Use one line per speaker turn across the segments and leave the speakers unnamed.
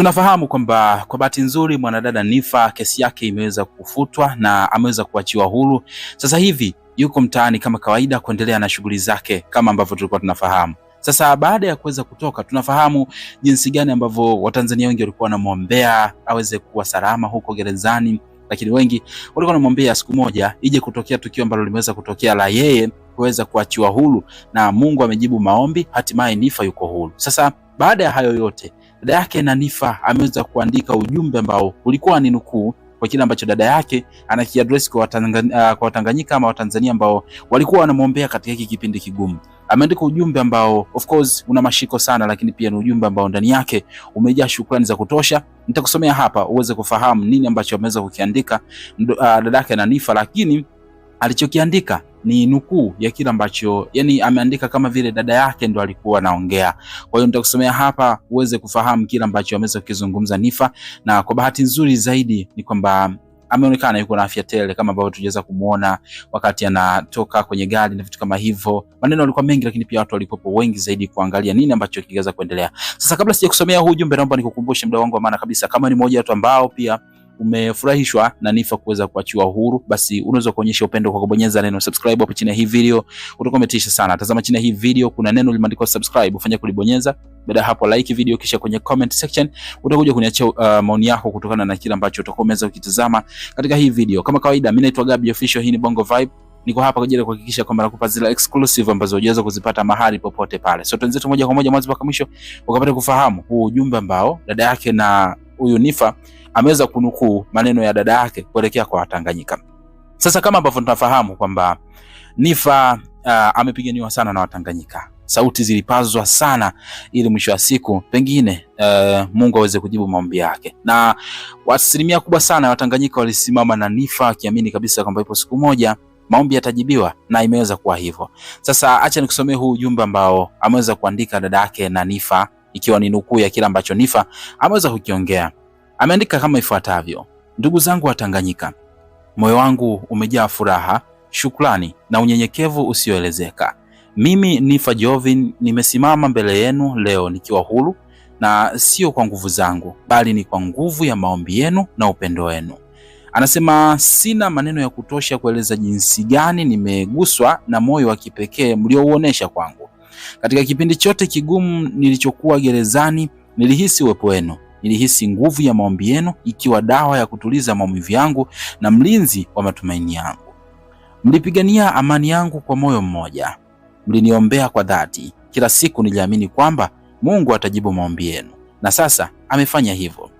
Tunafahamu kwamba kwa bahati nzuri mwanadada Nifa kesi yake imeweza kufutwa na ameweza kuachiwa huru. Sasa hivi yuko mtaani kama kawaida kuendelea na shughuli zake kama ambavyo tulikuwa tunafahamu. Sasa baada ya kuweza kutoka, tunafahamu jinsi gani ambavyo Watanzania wengi walikuwa wanamwombea aweze kuwa salama huko gerezani, lakini wengi walikuwa wanamwombea siku moja ije kutokea tukio ambalo limeweza kutokea la yeye kuweza kuachiwa huru, na Mungu amejibu maombi, hatimaye Nifa yuko huru. Sasa baada ya hayo yote Dada yake Nanifa ameweza kuandika ujumbe ambao ulikuwa ni nukuu kwa kile ambacho dada yake anakiadresi ah, kwa Watanganyika ama Watanzania ambao walikuwa wanamwombea katika hiki kipindi kigumu. Ameandika ujumbe ambao of course una mashiko sana, lakini pia ni ujumbe ambao ndani yake umejaa shukrani za kutosha. Nitakusomea hapa uweze kufahamu nini ambacho ameweza kukiandika ah, dada yake Nanifa, lakini alichokiandika ni nukuu ya kile ambacho yani ameandika kama vile dada yake ndo alikuwa anaongea. Kwa hiyo nitakusomea hapa uweze kufahamu kile ambacho ameweza kukizungumza Nifa, na kwa bahati nzuri zaidi ni kwamba ameonekana yuko na afya tele kama ambavyo tujaweza kumuona wakati anatoka kwenye gari na vitu kama hivyo. Maneno yalikuwa mengi, lakini pia watu walikuwepo wengi zaidi kuangalia nini ambacho kingeweza kuendelea. Sasa kabla sija kusomea huu ujumbe, naomba nikukumbushe mda wangu wa maana kabisa, kama ni mmoja watu ambao pia umefurahishwa na Niffer kuweza kuachiwa huru, basi unaweza kuonyesha upendo kwa kubonyeza neno subscribe hapo chini ya hii video. Utakuwa umetisha sana. Tazama chini ya hii video, kuna neno limeandikwa subscribe, ufanye kulibonyeza. Baada hapo like video, kisha kwenye comment section utakuja kuniachia uh, maoni yako kutokana na kile ambacho utakuwa umeweza kukitazama katika hii video. Kama kawaida, mimi naitwa Gabi Official, hii ni Bongo Vibe. Niko hapa kwa ajili ya kuhakikisha kwamba nakupa zile exclusive ambazo hujaweza kuzipata mahali popote pale. So tuanze moja kwa moja mwanzo mpaka mwisho ukapata kufahamu huu ujumbe ambao dada yake na huyu Nifa ameweza kunukuu maneno ya dada yake kuelekea kwa Watanganyika. Sasa kama ambavyo tunafahamu kwamba Nifa uh, amepiganiwa sana na Watanganyika, sauti zilipazwa sana, ili mwisho wa siku pengine uh, Mungu aweze kujibu maombi yake, na asilimia kubwa sana ya Watanganyika walisimama na Nifa akiamini kabisa kwamba ipo siku moja maombi yatajibiwa na imeweza kuwa hivyo. Sasa acha nikusomee huu ujumbe ambao ameweza kuandika dada yake na Nifa ikiwa ni nukuu ya kile ambacho Nifa ameweza kukiongea. Ameandika kama ifuatavyo: ndugu zangu wa Tanganyika, moyo wangu umejaa furaha, shukrani na unyenyekevu usioelezeka. Mimi Nifa Jovin nimesimama mbele yenu leo nikiwa huru, na sio kwa nguvu zangu, bali ni kwa nguvu ya maombi yenu na upendo wenu. Anasema sina maneno ya kutosha kueleza jinsi gani nimeguswa na moyo wa kipekee mliouonesha kwangu. Katika kipindi chote kigumu nilichokuwa gerezani, nilihisi uwepo wenu, nilihisi nguvu ya maombi yenu ikiwa dawa ya kutuliza maumivu yangu na mlinzi wa matumaini yangu. Mlipigania amani yangu kwa moyo mmoja, mliniombea kwa dhati. Kila siku niliamini kwamba Mungu atajibu maombi yenu, na sasa amefanya hivyo.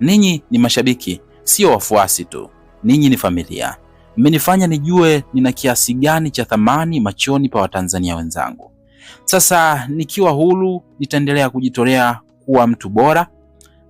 Ninyi ni mashabiki, sio wafuasi tu. Ninyi ni familia. Mmenifanya nijue nina kiasi gani cha thamani machoni pa Watanzania wenzangu. Sasa nikiwa huru, nitaendelea kujitolea kuwa mtu bora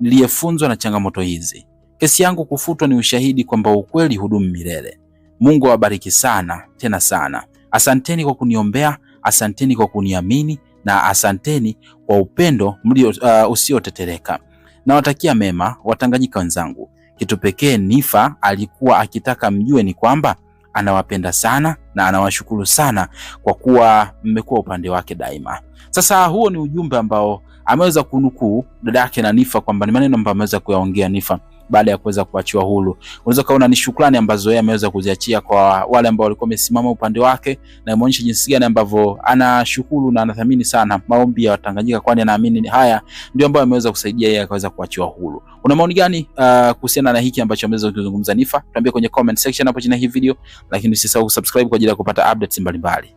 niliyefunzwa na changamoto hizi. Kesi yangu kufutwa ni ushahidi kwamba ukweli hudumu milele. Mungu awabariki sana tena sana. Asanteni kwa kuniombea, asanteni kwa kuniamini na asanteni kwa upendo mlio uh, usiotetereka. Nawatakia mema Watanganyika wenzangu. Kitu pekee Nifa alikuwa akitaka mjue ni kwamba anawapenda sana na anawashukuru sana kwa kuwa mmekuwa upande wake daima. Sasa huo ni ujumbe ambao ameweza kunukuu dada yake na Nifa kwamba ni maneno ambayo ameweza kuyaongea Nifa baada ya kuweza kuachiwa huru. Unaweza kuona ni shukrani ambazo yeye ameweza kuziachia kwa wale ambao walikuwa wamesimama upande wake, na imeonyesha jinsi gani ambavyo anashukuru na anathamini sana maombi ya Watanganyika, kwani anaamini haya ndio ambayo ameweza kusaidia yeye akaweza kuachiwa huru. Una maoni gani uh, kuhusiana na hiki ambacho ameweza kuzungumza Nifa? Tuambie kwenye comment section hapo chini ya hii video, lakini usisahau kusubscribe kwa ajili ya kupata updates mbalimbali.